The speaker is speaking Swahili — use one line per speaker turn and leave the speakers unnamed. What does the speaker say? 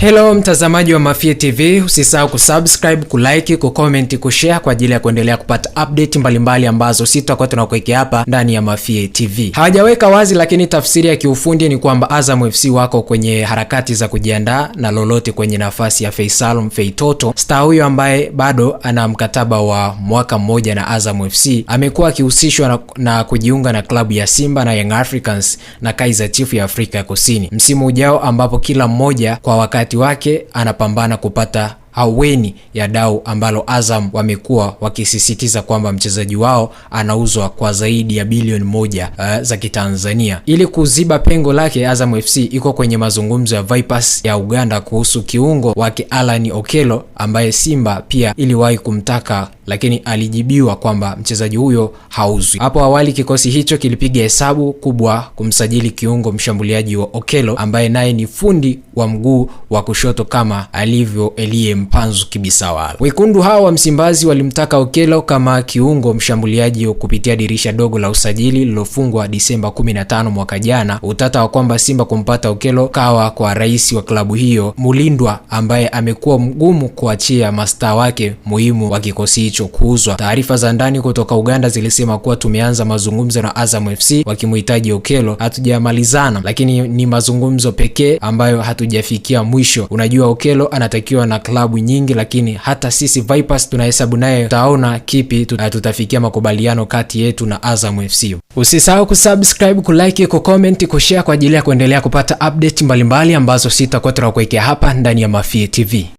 Hello mtazamaji wa Mafie TV, usisahau kusubscribe, kulike, kucomment, kushare kwa ajili ya kuendelea kupata update mbalimbali mbali ambazo tutakuwa tunakuwekea hapa ndani ya Mafie TV. Hawajaweka wazi, lakini tafsiri ya kiufundi ni kwamba Azam FC wako kwenye harakati za kujiandaa na lolote kwenye nafasi ya Feisalum Feitoto. Star huyo ambaye bado ana mkataba wa mwaka mmoja na Azam FC amekuwa akihusishwa na, na kujiunga na klabu ya Simba na Young Africans na Kaizer Chiefs ya Afrika ya Kusini msimu ujao, ambapo kila mmoja kwa wakati wakati wake anapambana kupata aweni ya dau ambalo Azam wamekuwa wakisisitiza kwamba mchezaji wao anauzwa kwa zaidi ya bilioni moja uh, za Kitanzania. Ili kuziba pengo lake, Azam FC iko kwenye mazungumzo ya Vipers ya Uganda kuhusu kiungo wake Alan Okelo ambaye Simba pia iliwahi kumtaka lakini alijibiwa kwamba mchezaji huyo hauzwi. Hapo awali kikosi hicho kilipiga hesabu kubwa kumsajili kiungo mshambuliaji wa Okelo ambaye naye ni fundi wa mguu wa kushoto kama alivyo Eliem Mpanzu Kibisawala. Wekundu hao wa Msimbazi walimtaka Okello kama kiungo mshambuliaji kupitia dirisha dogo la usajili lilofungwa Disemba 15 mwaka jana, utata wa kwamba Simba kumpata Okello kawa kwa rais wa klabu hiyo Mulindwa, ambaye amekuwa mgumu kuachia mastaa wake muhimu wa kikosi hicho kuuzwa. Taarifa za ndani kutoka Uganda zilisema kuwa tumeanza mazungumzo na Azam FC wakimhitaji Okello, hatujamalizana lakini ni mazungumzo pekee ambayo hatujafikia mwisho. Unajua, Okello anatakiwa na klabu sababu nyingi, lakini hata sisi Vipers tunahesabu naye, tutaona kipi tutafikia makubaliano kati yetu na Azam FC. Usisahau kusubscribe, kulike, kucomment, kushare kwa ajili ya kuendelea kupata update mbalimbali mbali ambazo sitakuwa tunakuwekea hapa ndani ya Mafie TV.